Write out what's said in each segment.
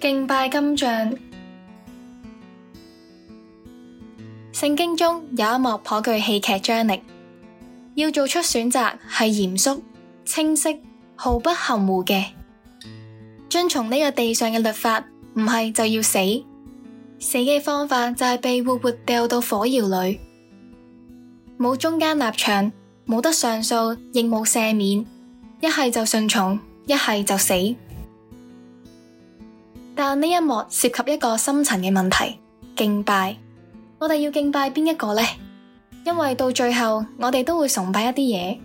敬拜金像。聖經中有一幕頗具戲劇張力，要做出選擇，係嚴肅、清晰、毫不含糊嘅。遵從呢個地上嘅律法，唔係就要死。死嘅方法就係被活活掉到火窯裏，冇中間立場，冇得上訴，亦冇赦免。一係就順從，一係就死。.但呢一幕涉及一個深層嘅問題：敬拜。我哋要敬拜邊一個呢？因為到最後，我哋都會崇拜一啲嘢。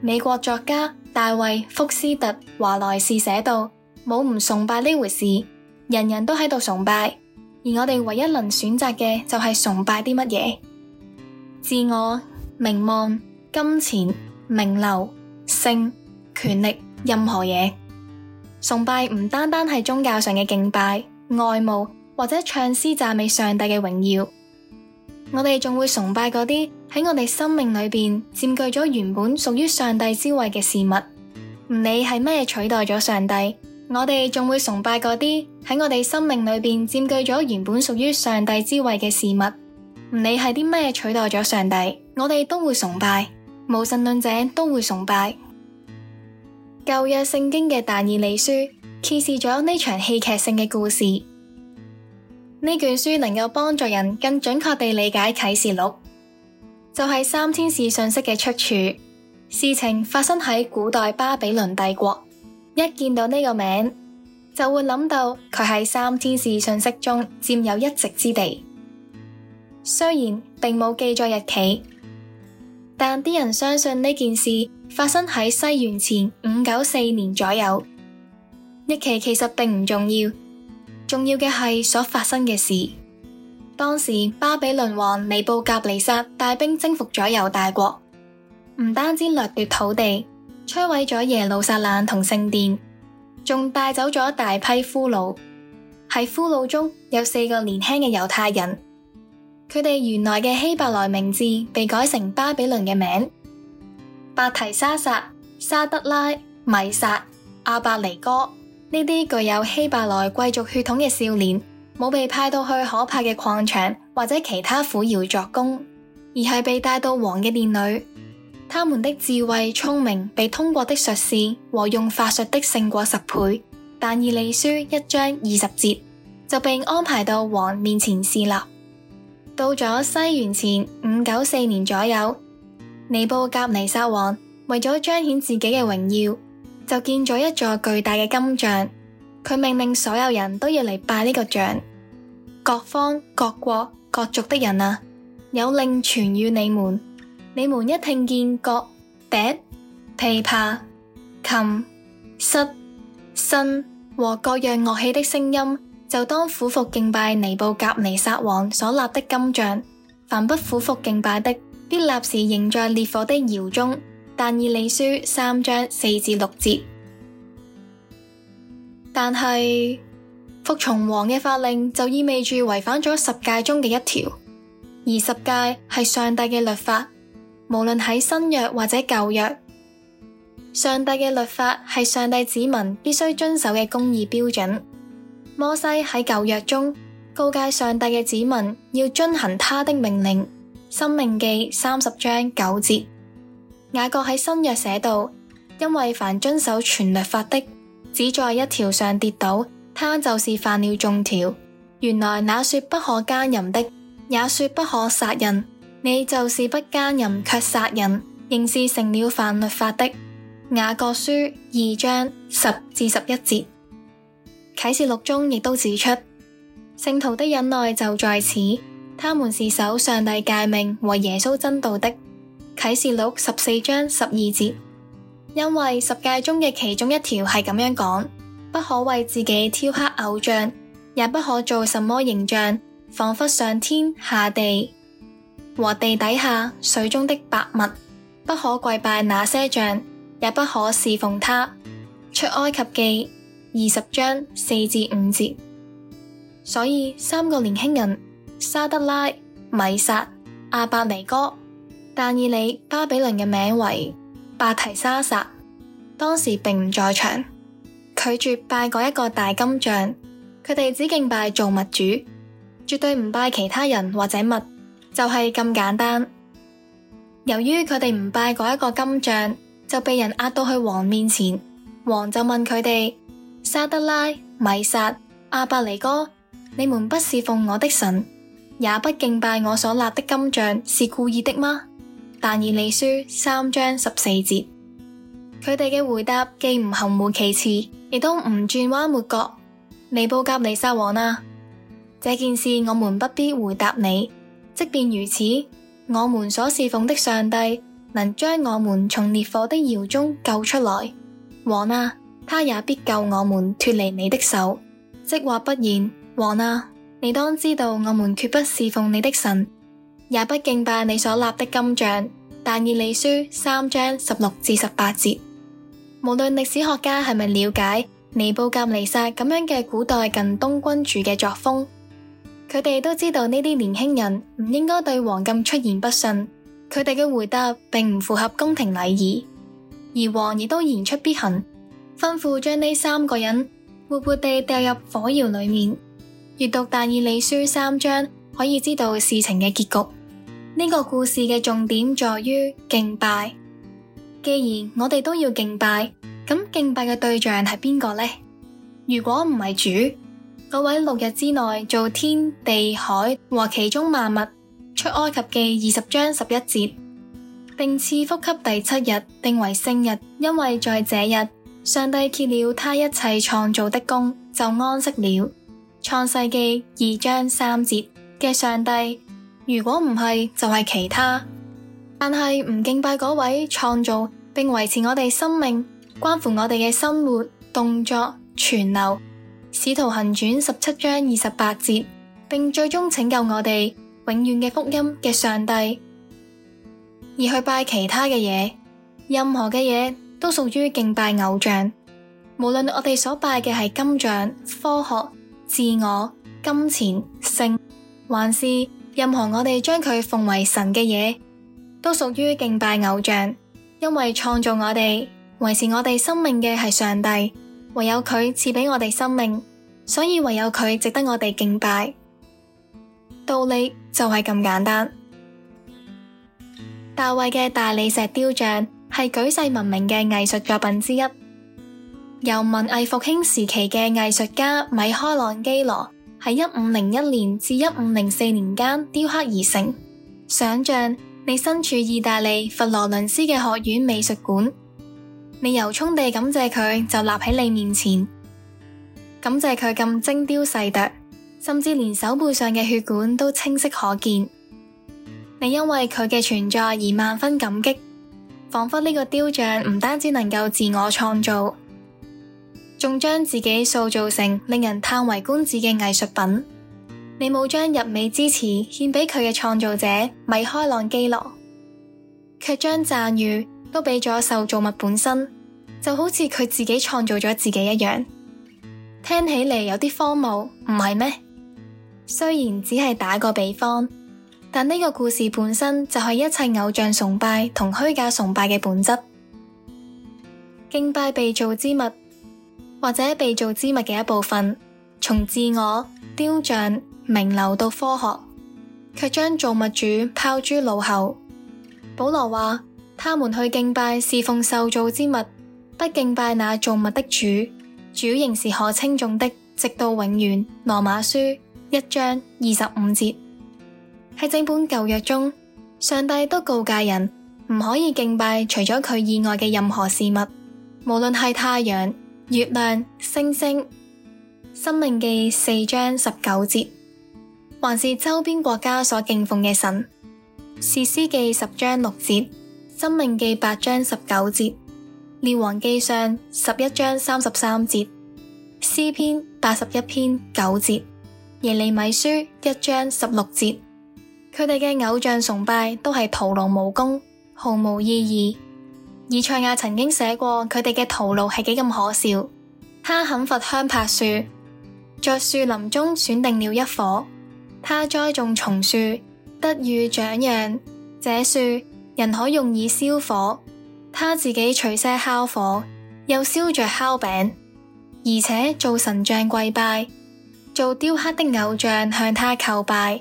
美國作家大衛福斯特華萊士寫到：冇唔崇拜呢回事，人人都喺度崇拜，而我哋唯一能選擇嘅就係崇拜啲乜嘢：自我、名望、金錢、名流、性、權力、任何嘢。崇拜唔單單係宗教上嘅敬拜、愛慕或者唱詩讚美上帝嘅榮耀，我哋仲會崇拜嗰啲喺我哋生命裏邊佔據咗原本屬於上帝之位嘅事物，唔理係咩取代咗上帝，我哋仲會崇拜嗰啲喺我哋生命裏邊佔據咗原本屬於上帝之位嘅事物，唔理係啲咩取代咗上帝，我哋都會崇拜，無神論者都會崇拜。舊約聖經嘅但以理書揭示咗呢場戲劇性嘅故事。呢卷書能夠幫助人更準確地理解啟示錄，就係、是、三天使信息嘅出處。事情發生喺古代巴比倫帝國，一見到呢個名，就會諗到佢喺三天使信息中佔有一席之地。雖然並冇記載日期，但啲人相信呢件事。發生喺西元前五九四年左右，日期其實並唔重要，重要嘅係所發生嘅事。當時巴比倫王尼布甲尼撒帶兵征服咗猶大國，唔單止掠奪土地、摧毀咗耶路撒冷同聖殿，仲帶走咗大批俘虜。喺俘虜中有四個年輕嘅猶太人，佢哋原來嘅希伯來名字被改成巴比倫嘅名。伯提沙撒、沙德拉、米撒、阿伯尼哥呢啲具有希伯來貴族血統嘅少年，冇被派到去可怕嘅礦場或者其他苦窑作工，而係被帶到王嘅殿裏。他們的智慧、聰明被通過的術士和用法術的勝過十倍。但以理書一章二十節，就被安排到王面前侍立。到咗西元前五九四年左右。尼布甲尼撒王為咗彰顯自己嘅榮耀，就建咗一座巨大嘅金像。佢命令所有人都要嚟拜呢個像。各方各國各族的人啊，有令傳與你們：你們一聽見角笛、琵琶、琴、瑟、笙和各樣樂器的聲音，就當俯伏敬拜尼布甲尼撒王所立的金像。凡不俯伏敬拜的，必立時扔在烈火的窑中，但以理書三章四至六節，但係服從王嘅法令就意味住違反咗十誡中嘅一條，而十誡係上帝嘅律法，無論喺新約或者舊約，上帝嘅律法係上帝子民必須遵守嘅公義標準。摩西喺舊約中告誡上帝嘅子民要遵行他的命令。申命記三十章九節，雅各喺新約寫道，因為凡遵守全律法的，只在一條上跌倒，他就是犯了眾條。原來那說不可奸淫的，也說不可殺人，你就是不奸淫卻殺人，仍是成了犯律法的。雅各書二章十至十一節，啟示錄中亦都指出，聖徒的忍耐就在此。他們是守上帝誡命和耶穌真道的。啟示錄十四章十二節，因為十誡中嘅其中一條係咁樣講：不可為自己雕刻偶像，也不可做什麼形象，仿佛上天下地和地底下水中的百物，不可跪拜那些像，也不可侍奉他。出埃及記二十章四至五節，所以三個年輕人，沙德拉、米撒、阿伯尼哥，但以理巴比倫嘅名為巴提沙撒，當時並唔在場，拒絕拜嗰一個大金像。佢哋只敬拜造物主，絕對唔拜其他人或者物，就係、是、咁簡單。由於佢哋唔拜嗰一個金像，就被人壓到去王面前。王就問佢哋：沙德拉、米撒、阿伯尼哥，你們不侍奉我的神？也不敬拜我所立的金像，是故意的嗎？但以理書三章十四節，佢哋嘅回答既唔含糊其辭，亦都唔轉彎抹角。尼布甲尼撒王啊，這件事我們不必回答你。即便如此，我們所侍奉的上帝能將我們從烈火的窯中救出來，王啊，他也必救我們脫離你的手。即或不然，王啊。你當知道，我們決不侍奉你的神，也不敬拜你所立的金像。但以理書三章十六至十八節，無論歷史學家係咪了解尼布甲尼撒咁樣嘅古代近東君主嘅作風，佢哋都知道呢啲年輕人唔應該對王咁出言不遜，佢哋嘅回答並唔符合宮廷禮儀，而王亦都言出必行，吩咐將呢三個人活活地掉入火窑裏面。閱讀但以理書三章，可以知道事情嘅結局。呢、這個故事嘅重點在於敬拜。既然我哋都要敬拜，咁敬拜嘅對象係邊個呢？如果唔係主，各位六日之內造天地海和其中萬物，出埃及記二十章十一節，並賜福給第七日，定為聖日，因為在這日上帝揭了他一切創造的工，就安息了。創世記二章三節嘅上帝，如果唔係就係其他，但係唔敬拜嗰位創造並維持我哋生命，關乎我哋嘅生活、動作、存留，《使徒行傳》十七章二十八節，並最終拯救我哋永遠嘅福音嘅上帝，而去拜其他嘅嘢，任何嘅嘢都屬於敬拜偶像，無論我哋所拜嘅係金像、科學、自我、金錢、性，還是任何我哋將佢奉為神嘅嘢，都屬於敬拜偶像，因為創造我哋、維持我哋生命嘅係上帝，唯有佢賜畀我哋生命，所以唯有佢值得我哋敬拜。道理就係咁簡單。大衛嘅大理石雕像係舉世聞名嘅藝術作品之一。由文藝復興時期嘅藝術家米開朗基羅喺一五零一年至一五零四年間雕刻而成。想象你身處意大利佛羅倫斯嘅學院美術館，你由衷地感謝佢就立喺你面前，感謝佢咁精雕細琢，甚至連手背上嘅血管都清晰可見。你因為佢嘅存在而萬分感激，仿佛呢個雕像唔單止能夠自我創造，仲將自己塑造成令人嘆為觀止嘅藝術品，你冇將入美之詞獻畀佢嘅創造者米開朗基羅，卻將讚譽都畀咗受造物本身，就好似佢自己創造咗自己一樣。聽起嚟有啲荒謬，唔係咩？雖然只係打個比方，但呢個故事本身就係一切偶像崇拜同虛假崇拜嘅本質，敬拜被造之物。或者被造之物嘅一部分，從自我、雕像、名流到科學，卻將造物主拋諸腦後。保羅話：他們去敬拜侍奉受造之物，不敬拜那造物的主，主仍是可稱頌的，直到永遠。羅馬書一章二十五節。喺整本舊約中，上帝都告誡人唔可以敬拜除咗佢以外嘅任何事物，無論係太陽。月亮、星星、《申命記》四章十九節，還是周邊國家所敬奉嘅神，《士師記》十章六節，《申命記》八章十九節，《列王記上》十一章三十三節，《詩篇》八十一篇九節，《耶利米書》一章十六節，佢哋嘅偶像崇拜都係徒勞無功，毫無意義。以賽亞曾經寫過佢哋嘅徒勞係幾咁可笑。他砍伐香柏樹，在樹林中選定了一棵，他栽種松樹，得遇長養。這樹人可用以燒火，他自己取些烤火，又燒着烤餅，而且做神像跪拜，做雕刻的偶像向他叩拜。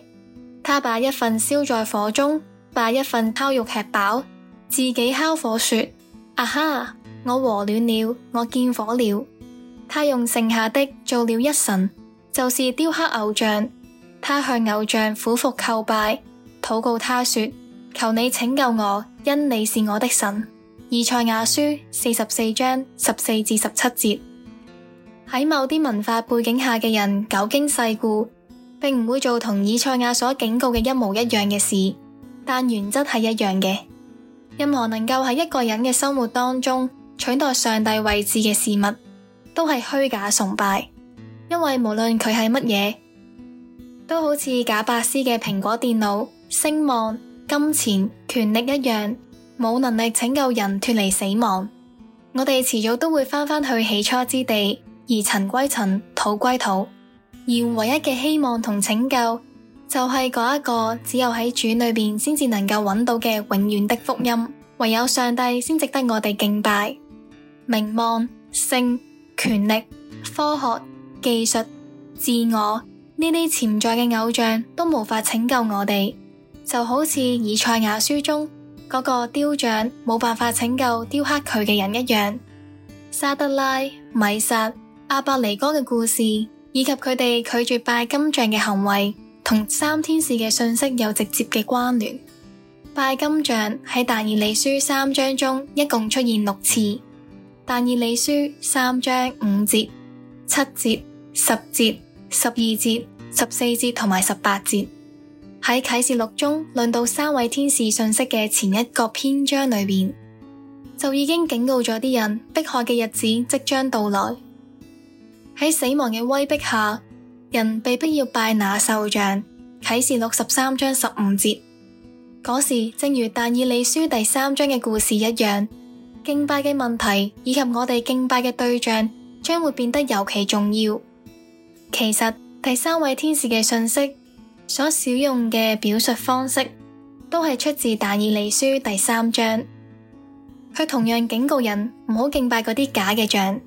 他把一份燒在火中，把一份烤肉吃飽，自己烤火說。啊哈！Aha，我和暖了，我見火了。他用剩下的做了一神，就是雕刻偶像。他向偶像俯伏叩拜，禱告他說：求你拯救我，因你是我的神。以賽亞書四十四章十四至十七節。喺某啲文化背景下嘅人，久經世故，並唔會做同以賽亞所警告嘅一模一樣嘅事，但原則係一樣嘅。任何能夠喺一個人嘅生活當中取代上帝位置嘅事物，都係虛假崇拜，因為無論佢係乜嘢，都好似賈伯斯嘅蘋果電腦、聲望、金錢、權力一樣，冇能力拯救人脫離死亡。我哋遲早都會翻返去起初之地，而塵歸塵，土歸土，而唯一嘅希望同拯救。就係嗰一個，只有喺主裏邊先至能夠揾到嘅永遠的福音。唯有上帝先值得我哋敬拜。名望、性、權力、科學、技術、自我呢啲潛在嘅偶像都無法拯救我哋，就好似以賽亞書中嗰個雕像冇辦法拯救雕刻佢嘅人一樣。沙德拉、米撒、阿伯尼哥嘅故事，以及佢哋拒絕拜金像嘅行為同三天使嘅信息有直接嘅關聯。拜金像喺但以理書三章中一共出現六次，但以理書三章五節、七節、十節、十二節、十四節同埋十八節。喺啟示錄中，論到三位天使信息嘅前一個篇章裏邊，就已經警告咗啲人，迫害嘅日子即將到來。喺死亡嘅威逼下，人被逼要拜那獸像，啟示錄十三章十五節。嗰時正如但以理書第三章嘅故事一樣，敬拜嘅問題以及我哋敬拜嘅對象，將會變得尤其重要。其實第三位天使嘅信息所使用嘅表述方式，都係出自但以理書第三章。佢同樣警告人唔好敬拜嗰啲假嘅像，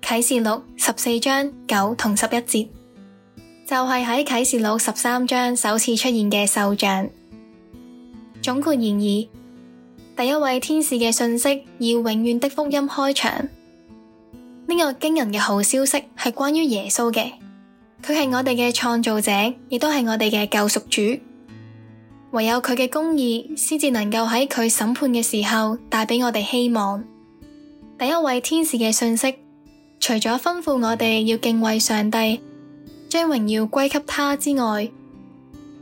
啟示錄十四章九同十一節。就係喺啟示錄十三章首次出現嘅獸像。總括言之，第一位天使嘅信息以永遠的福音開場。呢、這個驚人嘅好消息係關於耶穌嘅，佢係我哋嘅創造者，亦都係我哋嘅救贖主。唯有佢嘅公義，先至能夠喺佢審判嘅時候帶畀我哋希望。第一位天使嘅信息，除咗吩咐我哋要敬畏上帝。將榮耀歸給他之外，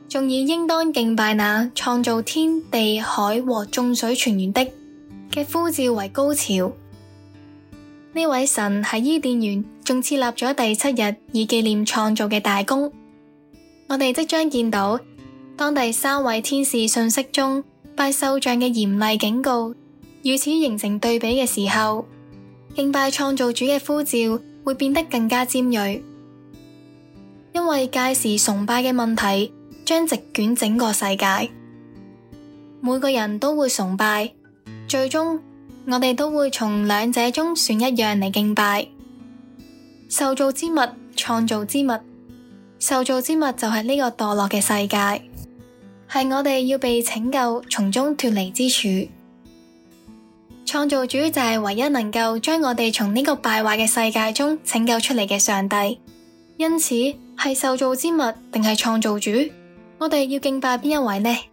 仲以應當敬拜那創造天地海和眾水泉源嘅呼召為高潮。呢位神喺伊甸園仲設立咗第七日以紀念創造嘅大功。我哋即將見到，當第三位天使訊息中，拜獸像嘅嚴厲警告，與此形成對比嘅時候，敬拜創造主嘅呼召會變得更加尖銳。因為屆時崇拜嘅問題，將席捲整個世界，每個人都會崇拜，最終我哋都會從兩者中選一樣嚟敬拜。受造之物、創造之物，受造之物就係呢個墮落嘅世界，係我哋要被拯救、從中脱離之處。創造主就係唯一能夠將我哋從呢個敗壞嘅世界中拯救出嚟嘅上帝。因此，係受造之物定係創造主？我哋要敬拜邊一位呢？